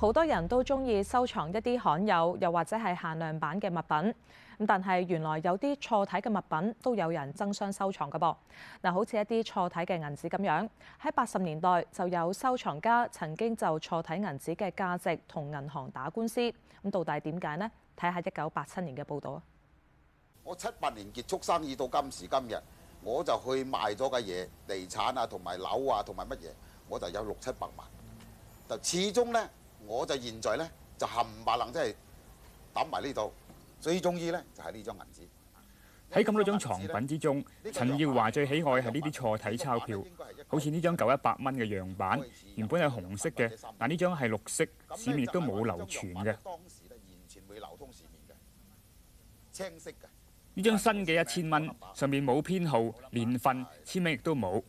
好多人都中意收藏一啲罕有又或者係限量版嘅物品。咁但係原來有啲錯體嘅物品都有人爭相收藏嘅噃。嗱，好似一啲錯體嘅銀紙咁樣，喺八十年代就有收藏家曾經就錯體銀紙嘅價值同銀行打官司。咁到底點解呢？睇下一九八七年嘅報道。我七八年結束生意到今時今日，我就去賣咗嘅嘢、地產啊、同埋樓啊、同埋乜嘢，我就有六七百萬。就始終呢。我就現在呢，就冚唪唥即係揼埋呢度，最中意呢，就係、是、呢張銀紙。喺咁多張藏品之中，這個，陳耀華最喜愛係呢啲錯體鈔票，這個、好似呢張舊一百蚊嘅樣版，原本係紅色嘅，但呢張係綠色，市面亦都冇流傳嘅。當時流通市面嘅，青色嘅。呢張新嘅一千蚊，上面冇編號、年份、簽名亦都冇。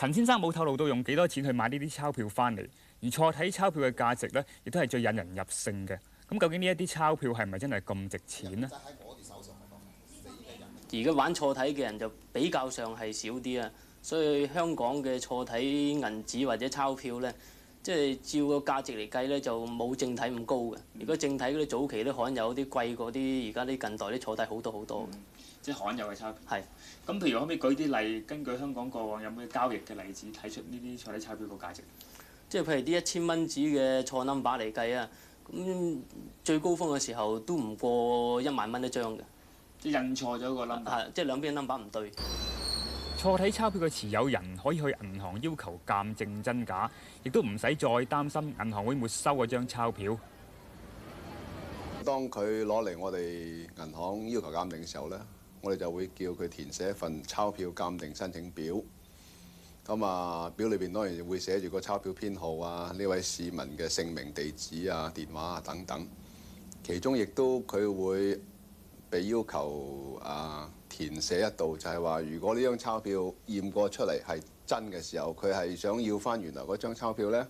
陳先生冇透露到用幾多錢去買呢啲鈔票翻嚟，而錯體鈔票嘅價值呢，亦都係最引人入勝嘅。咁究竟呢一啲鈔票係咪真係咁值錢呢？而家玩錯體嘅人就比較上係少啲啊，所以香港嘅錯體銀紙或者鈔票呢，即、就、係、是、照個價值嚟計咧，就冇正體咁高嘅、嗯。如果正體嗰啲早期都罕有啲，貴過啲而家啲近代啲，坐底好多好多，即係、嗯就是、罕有嘅差別。係。咁譬如可唔可以舉啲例，根據香港過往有咩交易嘅例子，睇出呢啲坐底差別個價值？即、就、係、是、譬如啲一千蚊紙嘅錯 number 嚟計啊，咁最高峰嘅時候都唔過一萬蚊一張嘅。即、就是、印錯咗個 number。即係、就是、兩邊 number 唔對。錯體鈔票嘅持有人可以去銀行要求鑑證真假，亦都唔使再擔心銀行會沒收嗰張鈔票。當佢攞嚟我哋銀行要求鑑定嘅時候呢，我哋就會叫佢填寫一份鈔票鑑定申請表。咁啊，表裏邊當然會寫住個鈔票編號啊，呢位市民嘅姓名、地址啊、電話啊等等。其中亦都佢會被要求啊。填寫一度就係話，如果呢張鈔票驗過出嚟係真嘅時候，佢係想要翻原來嗰張鈔票呢？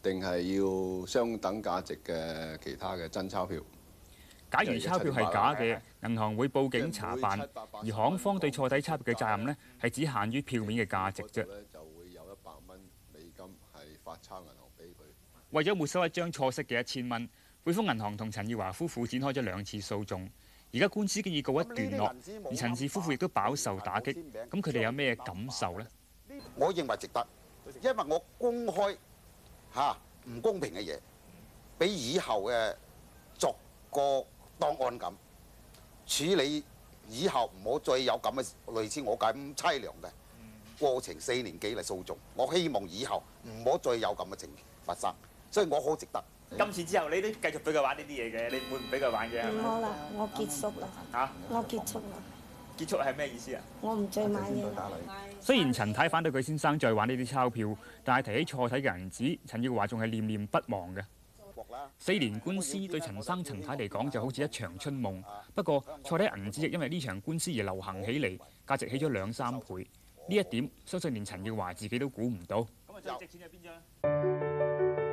定係要相等價值嘅其他嘅真鈔票？假如鈔票係假嘅，銀行會報警查辦，八八而行方對錯體鈔票嘅責任呢，係只限於票面嘅價值啫。就會有一百蚊美金係發鈔銀行俾佢。為咗沒收一張錯體嘅一千蚊，匯豐銀行同陳耀華夫婦展開咗兩次訴訟。而家官司已經告一段落，而陳氏夫婦亦都飽受打擊，咁佢哋有咩感受咧？我認為值得，因為我公開吓唔、啊、公平嘅嘢，俾以後嘅逐個檔案咁處理，以後唔好再有咁嘅類似我咁凄涼嘅過程，四年幾嚟訴訟，我希望以後唔好再有咁嘅情況發生，所以我好值得。今次之後，你都繼續俾佢玩呢啲嘢嘅，你會唔俾佢玩嘅？唔好啦，我結束啦。嚇、啊！我結束啦。結束係咩意思啊？我唔再買嘢。雖然陳太反對佢先生再玩呢啲鈔票，但係提起錯體嘅銀紙，陳耀華仲係念念不忘嘅。四年官司對陳生、陳太嚟講就好似一場春夢。不過，錯體銀紙亦因為呢場官司而流行起嚟，價值起咗兩三倍。呢一點，相信連陳耀華自己都估唔到。咁啊，值錢係邊